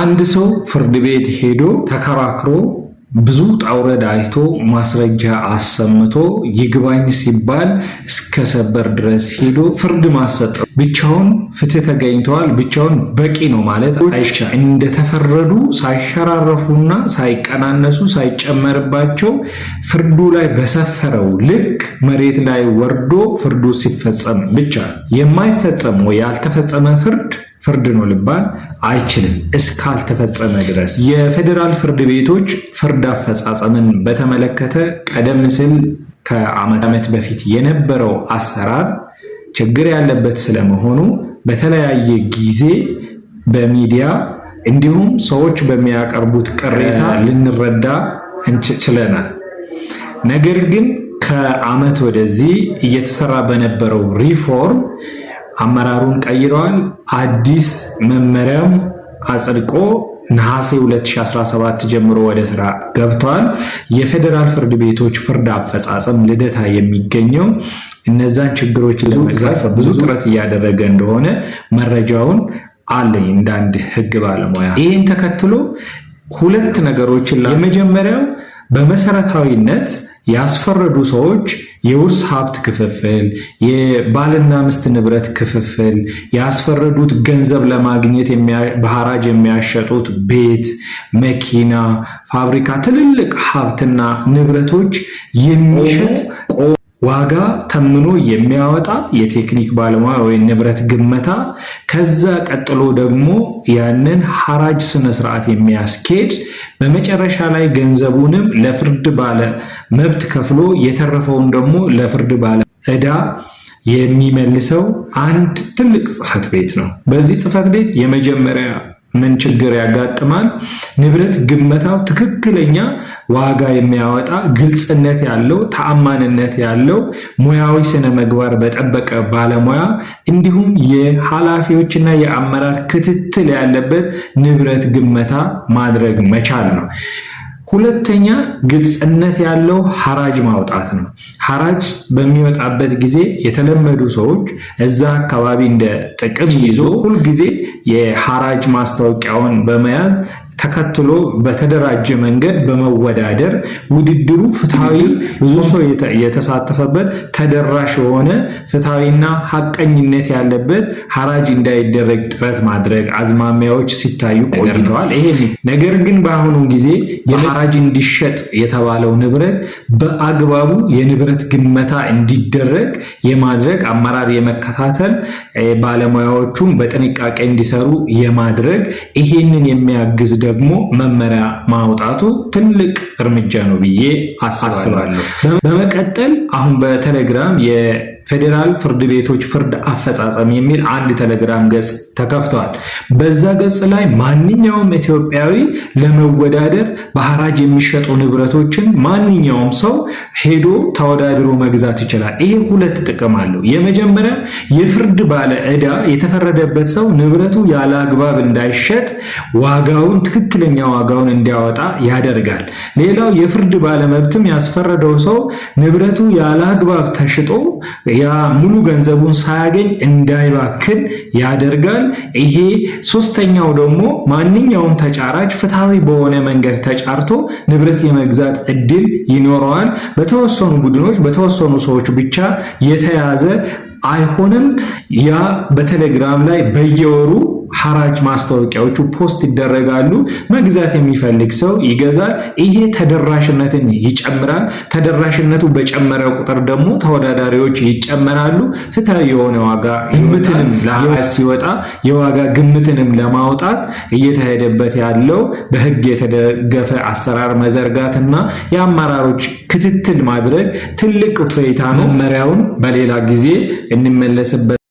አንድ ሰው ፍርድ ቤት ሄዶ ተከራክሮ ብዙ ጣውረድ አይቶ ማስረጃ አሰምቶ ይግባኝ ሲባል እስከ ሰበር ድረስ ሄዶ ፍርድ ማሰጠ ብቻውን ፍትህ ተገኝተዋል ብቻውን በቂ ነው ማለት አይቻ እንደተፈረዱ ሳይሸራረፉና ሳይቀናነሱ ሳይጨመርባቸው ፍርዱ ላይ በሰፈረው ልክ መሬት ላይ ወርዶ ፍርዱ ሲፈጸም ብቻ የማይፈጸም ወይ ያልተፈጸመ ፍርድ ፍርድ ነው ልባል አይችልም እስካልተፈጸመ ድረስ። የፌዴራል ፍርድ ቤቶች ፍርድ አፈጻጸምን በተመለከተ ቀደም ሲል ከዓመት በፊት የነበረው አሰራር ችግር ያለበት ስለመሆኑ በተለያየ ጊዜ በሚዲያ እንዲሁም ሰዎች በሚያቀርቡት ቅሬታ ልንረዳ ችለናል። ነገር ግን ከዓመት ወደዚህ እየተሰራ በነበረው ሪፎርም አመራሩን ቀይረዋል። አዲስ መመሪያም አጽድቆ ነሐሴ 2017 ጀምሮ ወደ ስራ ገብተዋል። የፌዴራል ፍርድ ቤቶች ፍርድ አፈጻጸም ልደታ የሚገኘው እነዛን ችግሮች ዘርፈ ብዙ ጥረት እያደረገ እንደሆነ መረጃውን አለኝ እንደ አንድ ህግ ባለሙያ። ይህን ተከትሎ ሁለት ነገሮችን የመጀመሪያው በመሰረታዊነት ያስፈረዱ ሰዎች የውርስ ሀብት ክፍፍል፣ የባልና ሚስት ንብረት ክፍፍል፣ ያስፈረዱት ገንዘብ ለማግኘት በሐራጅ የሚያሸጡት ቤት፣ መኪና፣ ፋብሪካ፣ ትልልቅ ሀብትና ንብረቶች የሚሸጥ ዋጋ ተምኖ የሚያወጣ የቴክኒክ ባለሙያ ወይም ንብረት ግመታ፣ ከዛ ቀጥሎ ደግሞ ያንን ሐራጅ ስነስርዓት የሚያስኬድ በመጨረሻ ላይ ገንዘቡንም ለፍርድ ባለ መብት ከፍሎ የተረፈውን ደግሞ ለፍርድ ባለ እዳ የሚመልሰው አንድ ትልቅ ጽህፈት ቤት ነው። በዚህ ጽሕፈት ቤት የመጀመሪያ ምን ችግር ያጋጥማል? ንብረት ግመታው ትክክለኛ ዋጋ የሚያወጣ ግልጽነት ያለው ተአማንነት ያለው ሙያዊ ስነ ምግባር በጠበቀ ባለሙያ እንዲሁም የኃላፊዎችና የአመራር ክትትል ያለበት ንብረት ግመታ ማድረግ መቻል ነው። ሁለተኛ ግልጽነት ያለው ሐራጅ ማውጣት ነው። ሐራጅ በሚወጣበት ጊዜ የተለመዱ ሰዎች እዛ አካባቢ እንደ ጥቅም ይዞ ሁልጊዜ የሐራጅ ማስታወቂያውን በመያዝ ተከትሎ በተደራጀ መንገድ በመወዳደር ውድድሩ ፍትሐዊ፣ ብዙ ሰው የተሳተፈበት ተደራሽ የሆነ ፍትሐዊና ሀቀኝነት ያለበት ሀራጅ እንዳይደረግ ጥረት ማድረግ አዝማሚያዎች ሲታዩ ቆይተዋል። ይሄ ነገር ግን በአሁኑ ጊዜ የሀራጅ እንዲሸጥ የተባለው ንብረት በአግባቡ የንብረት ግመታ እንዲደረግ የማድረግ አመራር የመከታተል ባለሙያዎቹም በጥንቃቄ እንዲሰሩ የማድረግ ይሄንን የሚያግዝ ደግሞ ደግሞ መመሪያ ማውጣቱ ትልቅ እርምጃ ነው ብዬ አስባለሁ። በመቀጠል አሁን በቴሌግራም ፌዴራል ፍርድ ቤቶች ፍርድ አፈጻጸም የሚል አንድ ቴሌግራም ገጽ ተከፍተዋል። በዛ ገጽ ላይ ማንኛውም ኢትዮጵያዊ ለመወዳደር በሐራጅ የሚሸጡ ንብረቶችን ማንኛውም ሰው ሄዶ ተወዳድሮ መግዛት ይችላል። ይሄ ሁለት ጥቅም አለው። የመጀመሪያ የፍርድ ባለ ዕዳ የተፈረደበት ሰው ንብረቱ ያለ አግባብ እንዳይሸጥ ዋጋውን፣ ትክክለኛ ዋጋውን እንዲያወጣ ያደርጋል። ሌላው የፍርድ ባለመብትም ያስፈረደው ሰው ንብረቱ ያለ አግባብ ተሽጦ ያ ሙሉ ገንዘቡን ሳያገኝ እንዳይባክን ያደርጋል። ይሄ ሶስተኛው ደግሞ ማንኛውም ተጫራጭ ፍትሐዊ በሆነ መንገድ ተጫርቶ ንብረት የመግዛት እድል ይኖረዋል። በተወሰኑ ቡድኖች በተወሰኑ ሰዎች ብቻ የተያዘ አይሆንም። ያ በቴሌግራም ላይ በየወሩ ሐራጅ ማስታወቂያዎቹ ፖስት ይደረጋሉ። መግዛት የሚፈልግ ሰው ይገዛል። ይሄ ተደራሽነትን ይጨምራል። ተደራሽነቱ በጨመረ ቁጥር ደግሞ ተወዳዳሪዎች ይጨመራሉ። ፍትሐዊ የሆነ ዋጋ ግምትንም ሲወጣ የዋጋ ግምትንም ለማውጣት እየተሄደበት ያለው በህግ የተደገፈ አሰራር መዘርጋትና የአመራሮች ክትትል ማድረግ ትልቅ ፍሬታ ነው። መመሪያውን በሌላ ጊዜ እንመለስበት።